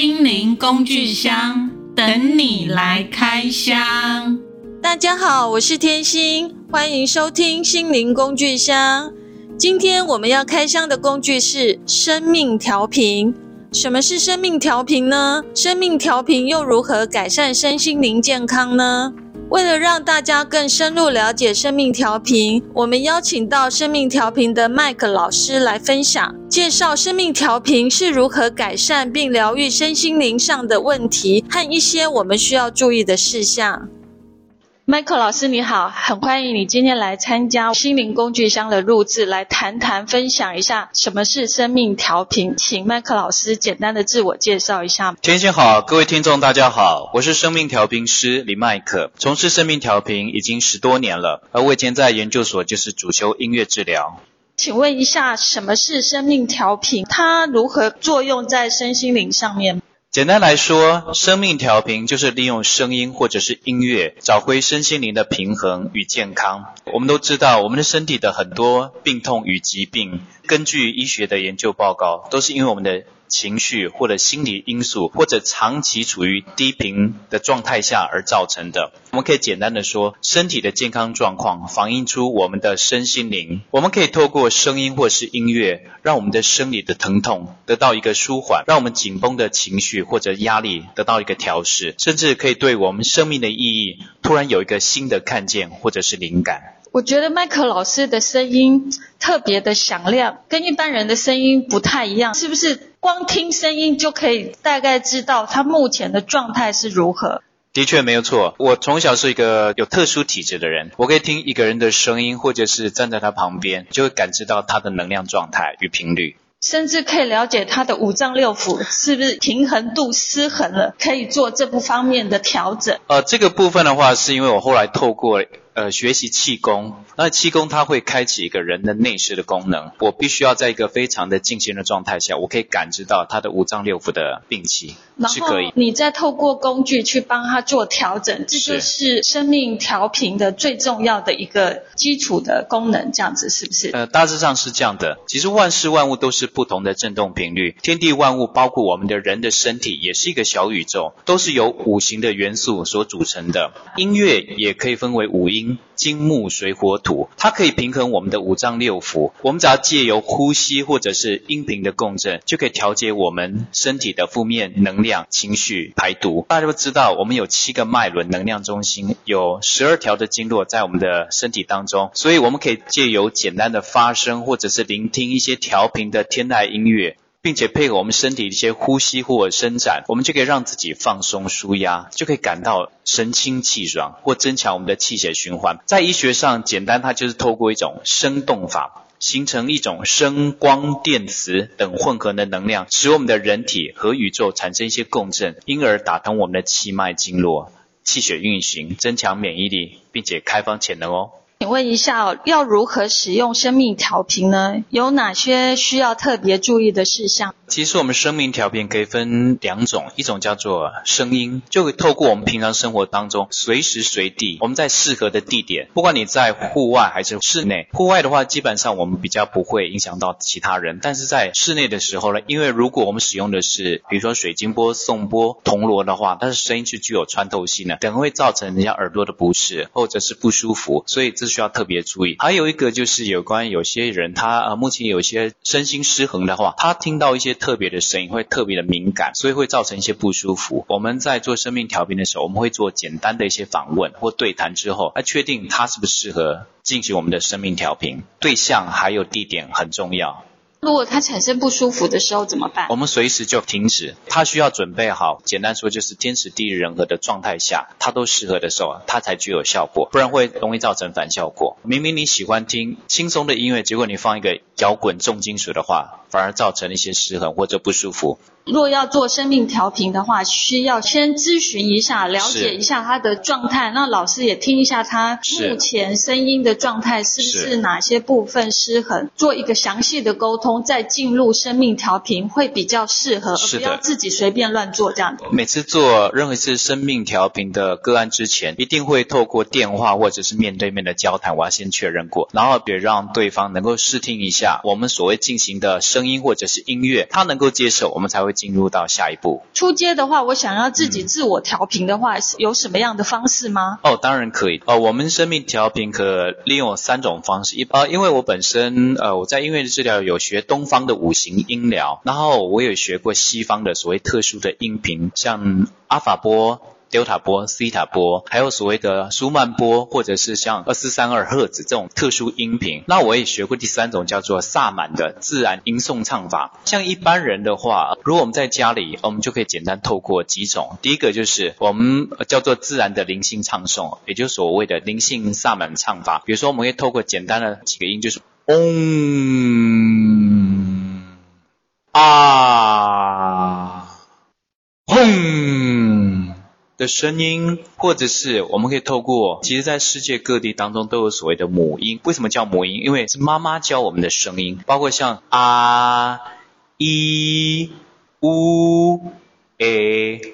心靈工具箱，等你來開箱。大家好，我是天心，歡迎收聽心靈工具箱。今天我們要開箱的工具是聲命調頻。什麼是聲命調頻呢？聲命調頻又如何改善身心靈健康呢？為了讓大家更深入了解聲命調頻，我們邀請到聲命調頻的 Mike 老師來分享。介紹聲命調頻是如何改善並療癒身心靈上的問題，和一些我們需要注意的事項。Mike 老師你好，很歡迎你今天來參加心靈工具箱的錄製，來談談分享一下什麼是聲命調頻。請 Mike 老師簡單的自我介紹一下。天氣好，各位聽眾大家好，我是聲命調頻師李麥克。從事聲命調頻已經十多年了，而我以前在研究所就是主修音樂治療。請問一下，什麼是聲命調頻？它如何作用在身心靈上面？簡單來說，聲命調頻就是利用聲音或者是音樂，找回身心靈的平衡與健康。我們都知道，我們的身體的很多病痛與疾病，根據醫學的研究報告，都是因為我們的。情緒或者心理因素，或者長期處於低頻的狀態下而造成的。我們可以簡單的說，身體的健康狀況反映出我們的身心靈。我們可以透過聲音或是音樂，讓我們的生理的疼痛得到一個舒緩，讓我們緊繃的情緒或者壓力得到一個調適，甚至可以對我們生命的意義突然有一個新的看見或者是靈感。我覺得 Mike 老師的聲音特別的響亮，跟一般人的聲音不太一樣，是不是？光聽聲音就可以大概知道他目前的狀態是如何。的確沒有錯，我從小是一個有特殊體質的人，我可以聽一個人的聲音，或者是站在他旁邊，就會感知到他的能量狀態與頻率，甚至可以了解他的五臟六腑是不是平衡度失衡了，可以做這方面的調整。呃，這個部分的話，是因為我後來透過。呃，學習氣功，那氣功它會開啟一個人的內視的功能。我必須要在一個非常的靜心的狀態下，我可以感知到他的五臟六腑的病氣，是可以。你再透過工具去幫他做調整，這就是聲命調頻的最重要的一個基礎的功能，這樣子是不是？呃，大致上是這樣的。其實萬事萬物都是不同的振動頻率，天地萬物，包括我們的人的身體，也是一個小宇宙，都是由五行的元素所組成的。音樂也可以分為五音。金木水火土，它可以平衡我們的五臟六腑。我們只要借由呼吸或者是音頻的共振，就可以調節我們身體的負面能量、情緒、排毒。大家都知道，我們有七個脈輪能量中心，有十二條的經絡在我們的身體當中，所以我們可以借由簡單的發聲或者是聆聽一些調頻的天籟音樂。並且配合我們身體一些呼吸或者伸展，我們就可以讓自己放鬆舒壓，就可以感到神清氣爽，或增強我們的氣血循環。在醫學上，簡單它就是透過一種聲動法，形成一種聲光電磁等混合的能量，使我們的人體和宇宙產生一些共振，因而打通我們的氣脈經絡，氣血運行，增強免疫力，並且開放潛能哦。請問一下，要如何使用聲命調頻呢？有哪些需要特別注意的事項？其實我們聲命調頻可以分兩種，一種叫做聲音，就會透過我們平常生活當中隨時隨地，我們在適合的地點，不管你在戶外還是室內，戶外的話基本上我們比較不會影響到其他人，但是在室內的時候呢，因為如果我們使用的是比如說水晶缽頌缽銅鑼的話，它的聲音是具有穿透性的，可能會造成人家耳朵的不適或者是不舒服，所以這需要特別注意。還有一個就是有關於有些人他、呃、目前有些身心失衡的話，他聽到一些。特別的聲音會特別的敏感，所以會造成一些不舒服。我們在做聲命調頻的時候，我們會做簡單的一些訪問或對談之後，來確定它適不適合進行我們的聲命調頻。對象還有地點很重要。如果它產生不舒服的時候怎麼辦？我們隨時就停止。它需要準備好，簡單說就是天時地利人和的狀態下，它都適合的時候，它才具有效果，不然會容易造成反效果。明明你喜歡聽輕鬆的音樂，結果你放一個搖滾重金屬的話。反而造成一些失衡或者不舒服。若要做聲命調頻的話，需要先諮詢一下，了解一下他的狀態。那老師也聽一下他目前聲音的狀態，是不是哪些部分失衡？做一個詳細的溝通，再進入聲命調頻會比較適合。是。而不要自己隨便亂做這樣的。每次做任何一次聲命調頻的個案之前，一定會透過電話或者是面對面的交談，我要先確認過，然後別讓對方能夠試聽一下我們所謂進行的聲。聲音或者是音樂，它能夠接受，我們才會進入到下一步。初階的話，我想要自己自我調頻的話，是、嗯、有什麼樣的方式嗎？哦，當然可以。哦，我們聲命調頻可利用三種方式。一，呃，因為我本身呃我在音樂治療有學東方的五行音療，然後我有學過西方的所謂特殊的音頻，像阿法波。Delta 波、Theta 波，還有所謂的舒曼波，或者是像二四三二赫茲這種特殊音頻。那我也學過第三種叫做薩滿的自然吟誦唱法。像一般人的話，如果我們在家裡，我們就可以簡單透過幾種。第一個就是我們叫做自然的靈性唱誦，也就是所謂的靈性薩滿唱法。比如說，我們可以透過簡單的幾個音，就是嗡、哦嗯、啊。的聲音，或者是我們可以透過，其實，在世界各地當中都有所謂的母音。為什麼叫母音？因為是媽媽教我們的聲音，包括像啊、一、嗚、誒、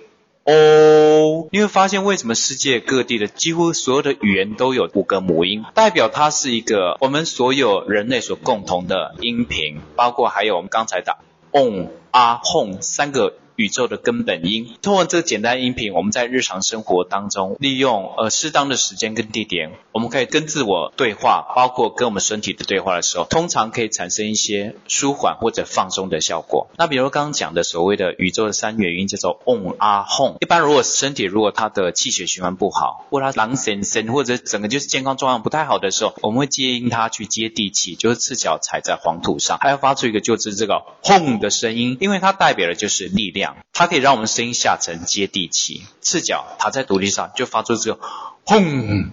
哦，你會發現，為什麼世界各地的幾乎所有的語言都有五個母音，代表它是一個我們所有人類所共同的音頻，包括還有我們剛才的嗯、啊、哄三個。宇宙的根本音。通過這個簡單音頻，我們在日常生活當中利用呃適當的時間跟地點，我們可以跟自我對話，包括跟我們身體的對話的時候，通常可以產生一些舒緩或者放鬆的效果。那比如剛剛講的所謂的宇宙的三元音叫做嗡啊哄。一般如果身體如果它的氣血循環不好，或者它狼神神或者整個就是健康狀況不太好的時候，我們會接應它去接地氣，就是赤腳踩在黃土上，還要發出一個就是這個哄的聲音，因為它代表的就是力量。它可以讓我們聲音下沉、接地氣。赤腳踏在土地上，就發出這個轟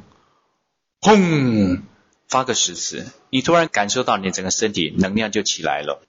轟，發個十次，你突然感受到你整個身體能量就起來了。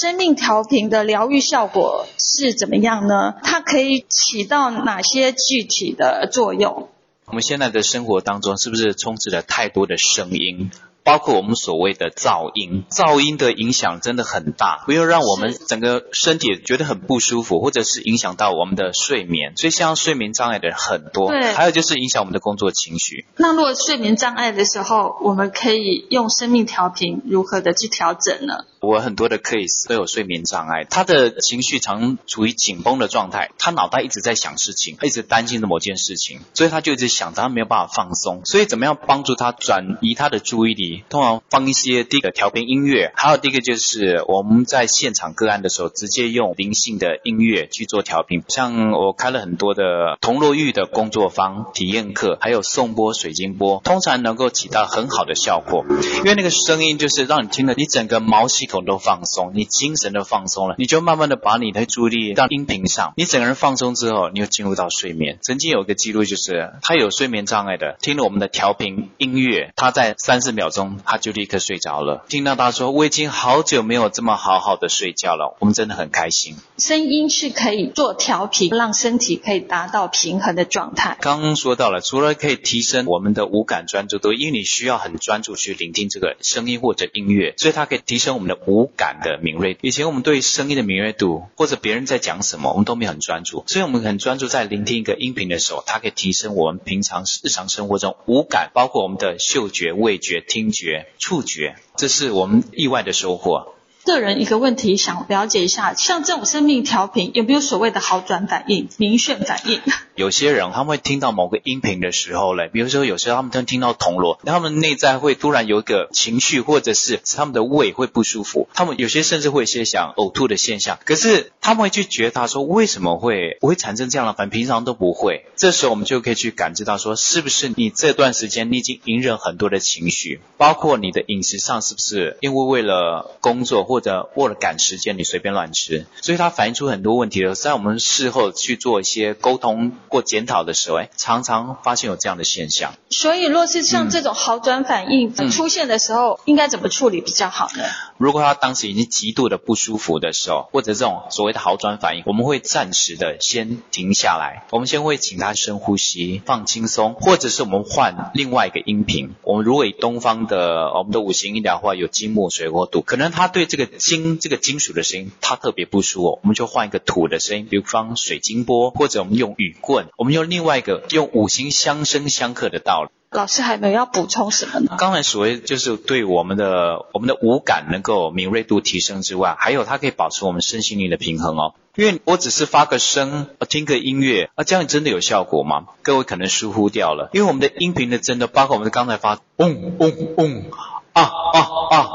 聲命調頻的療癒效果是怎麼樣呢？它可以起到哪些具體的作用？我們現在的生活當中，是不是充斥了太多的聲音？包括我們所謂的噪音，噪音的影響真的很大，因為讓我們整個身體覺得很不舒服，或者是影響到我們的睡眠，所以像睡眠障礙的人很多。對，還有就是影響我們的工作情緒。那如果睡眠障礙的時候，我們可以用聲命調頻如何的去調整呢？我很多的 case 都有睡眠障礙，他的情緒常處於緊繃的狀態，他腦袋一直在想事情，他一直擔心着某件事情，所以他就一直想着，他沒有辦法放鬆。所以怎麼樣幫助他轉移他的注意力？通常放一些第一個調頻音樂，還有第一個就是我們在現場個案的時候，直接用靈性的音樂去做調頻。像我開了很多的銅鑼浴的工作坊體驗課，還有頌缽、水晶缽，通常能夠起到很好的效果，因為那個聲音就是讓你聽了，你整個毛細。系統都放鬆，你精神都放鬆了，你就慢慢的把你的注意力到音頻上，你整個人放鬆之後，你就進入到睡眠。曾經有一個記錄，就是他有睡眠障礙的，聽了我們的調頻音樂，他在三十秒鐘他就立刻睡着了。聽到他說：“我已經好久沒有這麼好好的睡覺了。”我們真的很開心。聲音是可以做調頻，讓身體可以達到平衡的狀態。剛剛說到了，除了可以提升我們的五感專注度，因為你需要很專注去聆聽這個聲音或者音樂，所以它可以提升我們的。五感的敏銳，以前我們對聲音的敏銳度或者別人在講什麼，我們都沒有很專注，所以我們很專注在聆聽一個音頻的時候，它可以提升我們平常日常生活中五感，包括我們的嗅覺、味覺、聽覺、觸覺，這是我們意外的收穫。個人一個問題，想了解一下，像這種聲命調頻有沒有所謂的好轉反應、明顯反應？有些人他們會聽到某個音頻的時候嘞，比如說有時候他們聽到銅鑼，他們內在會突然有一個情緒，或者是他們的胃會不舒服，他們有些甚至會有些想嘔吐的現象。可是他們會去覺察說，為什麼會不會產生這樣的反應？平常都不會。這時候我們就可以去感知到說，說是不是你這段時間你已經隱忍很多的情緒，包括你的飲食上是不是因為為了工作或或者為了趕時間，你隨便亂吃，所以他反映出很多問題的時候，在我們事後去做一些溝通或檢討的時候，哎，常常發現有這樣的現象。所以，若是像、嗯、這種好轉反應出現的時候，嗯、應該怎麼處理比較好呢？如果他當時已經極度的不舒服的時候，或者這種所謂的好轉反應，我們會暫時的先停下來，我們先會請他深呼吸，放輕鬆，或者是我們換另外一個音頻。我們如果以東方的我們的五行醫療的話，有金木水火土，可能他對這個。金這個金屬的聲音，它特別不舒服，哦，我們就換一個土的聲音，比如方水晶缽，或者我們用雨棍，我們用另外一個，用五行相生相剋的道理。老師還沒有要補充什麼呢？剛才所謂就是對我們的我們的五感能夠敏銳度提升之外，還有它可以保持我們身心靈的平衡哦。因為我只是發個聲，聽個音樂，那、啊、這樣真的有效果嗎？各位可能疏忽掉了，因為我們的音頻的真的包括我們剛才發嗡嗡嗡啊啊啊。啊啊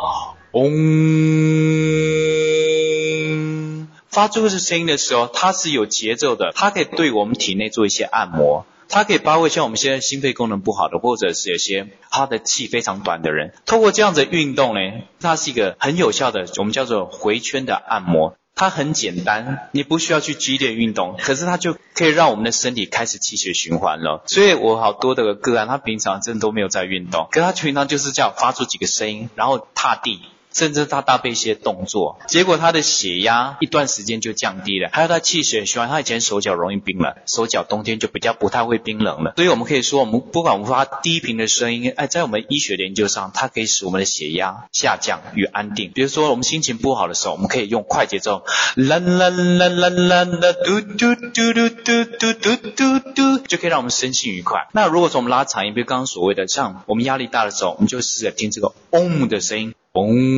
嗡、嗯，發出這個聲音的時候，它是有節奏的，它可以對我們體內做一些按摩，它可以包括像我們現在心肺功能不好的，或者是有些他的氣非常短的人，透過這樣子的運動呢，它是一個很有效的，我們叫做回圈的按摩。它很簡單，你不需要去激烈運動，可是它就可以讓我們的身體開始氣血循環了。所以我好多的個案，他平常真的都沒有在運動，可是他平常就是這樣發出幾個聲音，然後踏地。甚至他搭配一些動作，結果他的血壓一段時間就降低了。還有他氣血循環，他以前手腳容易冰冷，手腳冬天就比較不太會冰冷了。所以我們可以說，我們不管我們發低頻的聲音，哎，在我們醫學研究上，它可以使我們的血壓下降與安定。比如說，我們心情不好的時候，我們可以用快節奏，啦啦啦啦啦啦，嘟嘟嘟，嘟嘟嘟嘟嘟嘟嘟嘟，就可以讓我們身心愉快。那如果說我們拉長音，比如剛剛所謂的，像我們壓力大的時候，我們就試，試着聽這個嗡、哦、的聲音。嗡、嗯，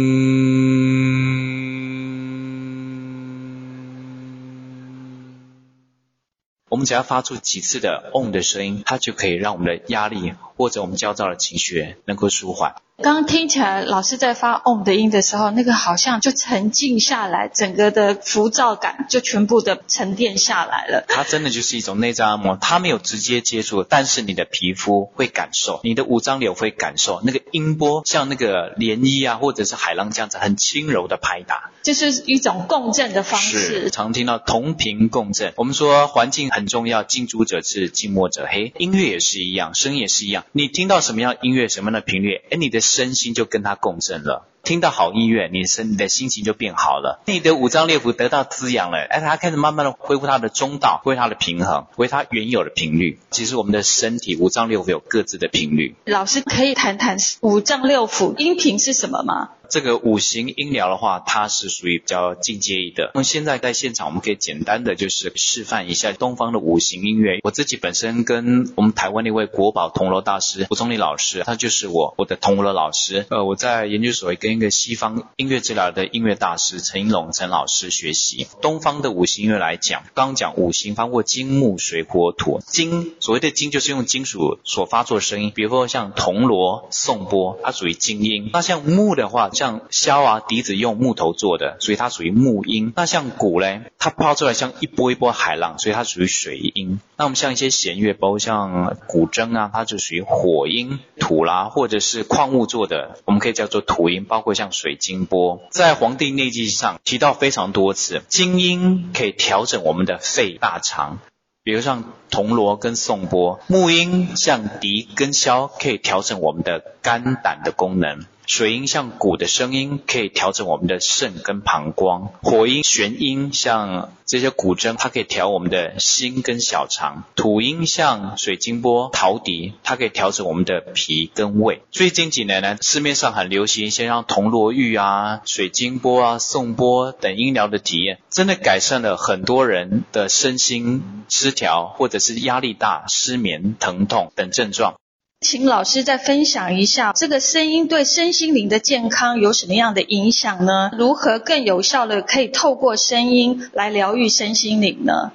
我們只要發出幾次的嗡的聲音，它就可以讓我們的壓力或者我們焦躁的情緒能夠舒緩。剛剛聽起來，老師在發嗡的音的時候，那個好像就沉靜下來，整個的浮躁感就全部的沉澱下來了。它真的就是一種內臟按摩，它沒有直接接觸，但是你的皮膚會感受，你的五臟六腑會感受，那個音波像那個漣漪啊，或者是海浪這樣子，很輕柔的拍打，就是一種共振的方式。常聽到同頻共振，我們說環境很重要，近朱者赤，近墨者黑，音樂也是一樣，聲音也是一樣，你聽到什麼樣音樂，什麼樣的頻率，哎，你的。身心就跟他共振了，聽到好音樂，你身你的心情就變好了，你的五臟六腑得到滋養了，哎，他開始慢慢的恢復他的中道，恢復他的平衡，恢復他原有的頻率。其實我們的身體五臟六腑有各自的頻率。老師可以談談五臟六腑音頻是什麼嗎？這個五行音療的話，它是屬於比較進階一的。那、嗯、麼現在在現場，我們可以簡單的就是示範一下東方的五行音樂。我自己本身跟我們台灣那位國寶銅鑼大師吳宗立老師，他就是我我的銅鑼老師。呃，我在研究所跟一個西方音樂治療的音樂大師陳英龍陳老師學習東方的五行音樂來講。剛講五行，包括金木水火土。金，所謂的金就是用金屬所發出的聲音，比如說像銅鑼、頌缽，它屬於金音。那像木的話，像像簫啊笛子用木頭做的，所以它屬於木音。那像鼓呢，它拋出來像一波一波海浪，所以它屬於水音。那我們像一些弦樂，包括像古箏啊，它就屬於火音、土啦、啊，或者是礦物做的，我們可以叫做土音。包括像水晶缽，在《黃帝內經》上提到非常多次，金音可以調整我們的肺、大腸。比如像銅鑼跟頌缽，木音像笛跟簫，可以調整我們的肝膽的功能。水音像鼓的聲音，可以調整我們的腎跟膀胱；火音、玄音像這些古箏，它可以調我們的心跟小腸；土音像水晶缽、陶笛，它可以調整我們的脾跟胃。最近幾年呢，市面上很流行一些像銅鑼玉啊、水晶缽啊、頌缽等音療的體驗，真的改善了很多人的身心失調，或者是壓力大、失眠、疼痛等症狀。請老師再分享一下，這個聲音對身心靈的健康有什麼樣的影響呢？如何更有效的可以透過聲音來療癒身心靈呢？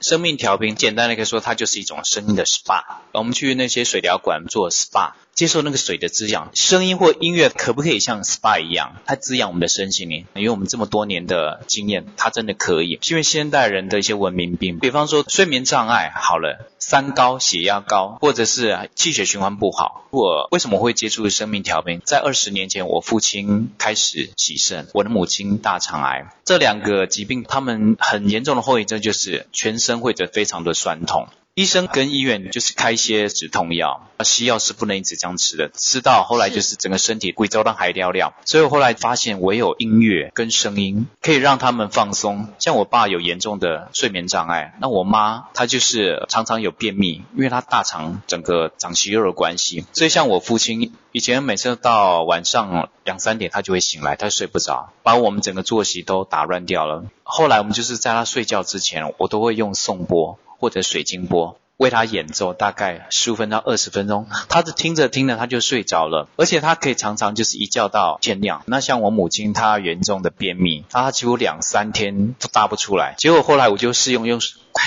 生命調頻，簡單的可以說，它就是一種聲音的 SPA。我們去那些水療館做 SPA，接受那個水的滋養，聲音或音樂可不可以像 SPA 一樣，它滋養我們的身心呢？因為我們這麼多年的經驗，它真的可以。因為現代人的一些文明病，比方說睡眠障礙好了，三高、血壓高，或者是氣血循環不好。我為什麼會接觸聲命調頻？在二十年前，我父親開始洗腎，我的母親大腸癌，這兩個疾病，他們很嚴重的後遺症就是全身會覺得非常的酸痛。醫生跟醫院就是開一些止痛藥，啊、西藥是不能一直這樣吃的，吃到後來就是整個身體貴州到海尿尿。所以我後來發現，唯有音樂跟聲音可以讓他們放鬆。像我爸有嚴重的睡眠障礙，那我媽她就是常常有便秘，因為她大腸整個長息肉的關係。所以像我父親以前每次到晚上兩三點，他就會醒來，他睡不着，把我們整個作息都打亂掉了。後來我們就是在他睡覺之前，我都會用頌缽，或者水晶缽為他演奏大概十五分到二十分鐘，他就聽着聽着他就睡着了，而且他可以常常就是一覺到天亮。那像我母親她嚴重的便秘，她，她幾乎兩三天都大不出來。結果後來我就試用用，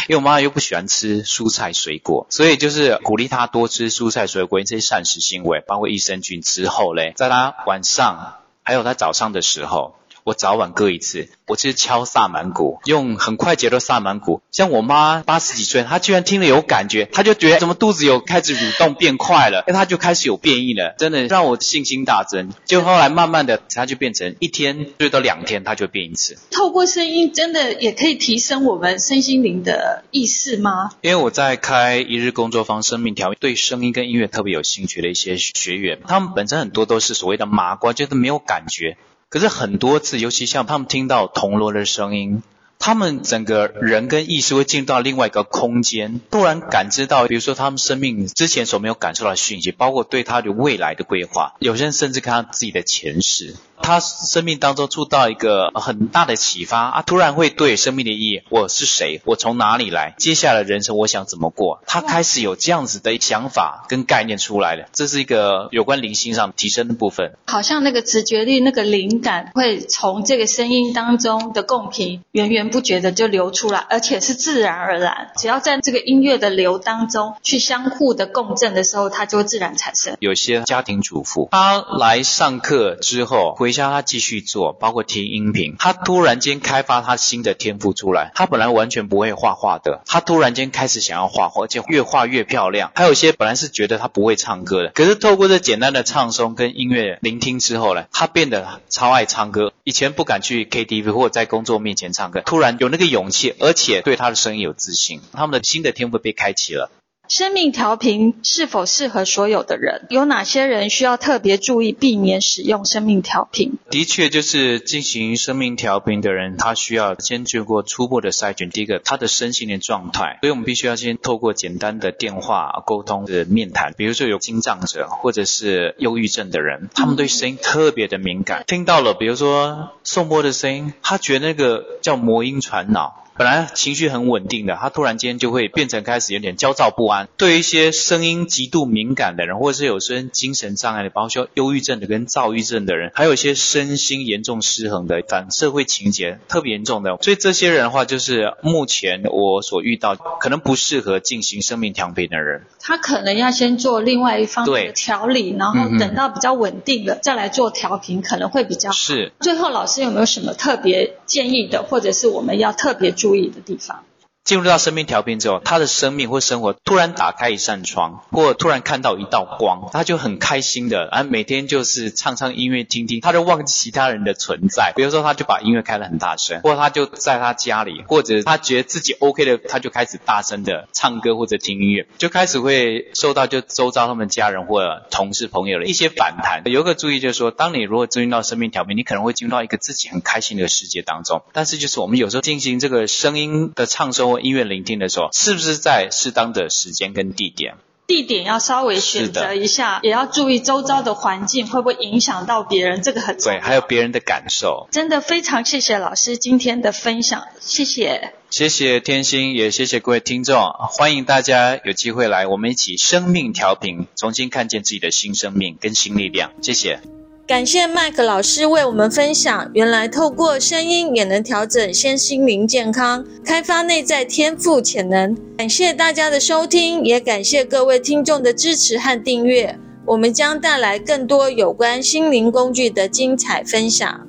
因為我媽媽又不喜歡吃蔬菜水果，所以就是鼓勵她多吃蔬菜水果因為這些膳食纖維，包括益生菌之後咧，在她晚上還有她早上的時候。我早晚各一次，我其實敲薩滿鼓，用很快節奏薩滿鼓。像我媽八十幾歲，她居然聽了有感覺，她就覺得怎麼肚子有開始蠕動變快了，她就開始有變異了。真的讓我信心大增。就後來慢慢的，她就變成一天最多兩天，她就變一次。透過聲音，真的也可以提升我們身心靈的意識嗎？因為我在開一日工作坊，聲命調頻對聲音跟音樂特別有興趣的一些學員，他們本身很多都是所謂的麻瓜，就是沒有感覺。可是很多次，尤其像他們聽到銅鑼的聲音，他們整個人跟意識會進入到另外一個空間，突然感知到，比如說他們生命之前所沒有感受到的訊息，包括對他的未來的規劃，有些人甚至看到自己的前世。他生命當中受到一個很大的啟發啊，突然會對生命的意義，我是誰，我從哪裡來，接下來的人生我想怎麼過，他開始有這樣子的想法跟概念出來了，這是一個有關靈性上提升的部分。好像那個直覺力、那個靈感會從這個聲音當中的共頻源源不絕的就流出來，而且是自然而然，只要在這個音樂的流當中去相互的共振的時候，它就會自然產生。有些家庭主婦，她來上課之後。回家他繼續做，包括聽音頻。他突然間開發他新的天賦出來。他本來完全不會畫畫的，他突然間開始想要畫畫，而且越畫越漂亮。還有些本來是覺得他不會唱歌的，可是透過這簡單的唱誦跟音樂聆聽之後呢，他變得超愛唱歌。以前不敢去 KTV 或者在工作面前唱歌，突然有那個勇氣，而且對他的聲音有自信。他們的新的天賦被開啟了。聲命調頻是否適合所有的人？有哪些人需要特別注意避免使用聲命調頻？的確，就是進行聲命調頻的人，他需要先經過初步的篩選。第一個，他的身心的狀態。所以我們必須要先透過簡單的電話溝通的面談。比如說有心臟者，或者是憂鬱症的人，他們對聲音特別的敏感，嗯、聽到了，比如說頌缽的聲音，他覺得那個叫魔音傳腦。本來情緒很穩定的，他突然間就會變成開始有點焦躁不安。對於一些聲音極度敏感的人，或者是有些精神障礙的，包括憂鬱症的跟躁鬱症的人，還有一些身心嚴重失衡的，反社會情節特別嚴重的，所以這些人的話，就是目前我所遇到可能不適合進行聲命調頻的人。他可能要先做另外一方的調理，然後等到比較穩定的，嗯嗯，再來做調頻，可能會比較好。是。最後老師有沒有什麼特別建議的，或者是我們要特別？注意的地方。進入到聲命調頻之後，他的生命或生活突然打開一扇窗，或突然看到一道光，他就很開心的，啊，每天就是唱唱音樂、聽聽，他就忘記其他人的存在。比如說，他就把音樂開得很大聲，或者他就在他家裡，或者他覺得自己 OK 的，他就開始大聲的唱歌或者聽音樂，就開始會受到就周遭他們家人或者同事朋友的一些反彈。有一個注意就是說，當你如果進入到聲命調頻，你可能會進入到一個自己很開心的世界當中。但是就是我們有時候進行這個聲音的唱收。音樂聆聽的時候，是不是在適當的時間跟地點？地點要稍微選擇一下，也要注意周遭的環境會不會影響到別人，這個很重要。對，還有別人的感受。真的非常謝謝老師今天的分享，謝謝。謝謝天心，也謝謝各位聽眾，歡迎大家有機會來，我們一起聲命調頻，重新看見自己的新生命跟新力量。謝謝。感謝 Mike 老師為我們分享，原來透過聲音也能調整身心靈健康，開發內在天賦潛能。感謝大家的收聽，也感謝各位聽眾的支持和訂閱，我們將帶來更多有關心靈工具的精彩分享。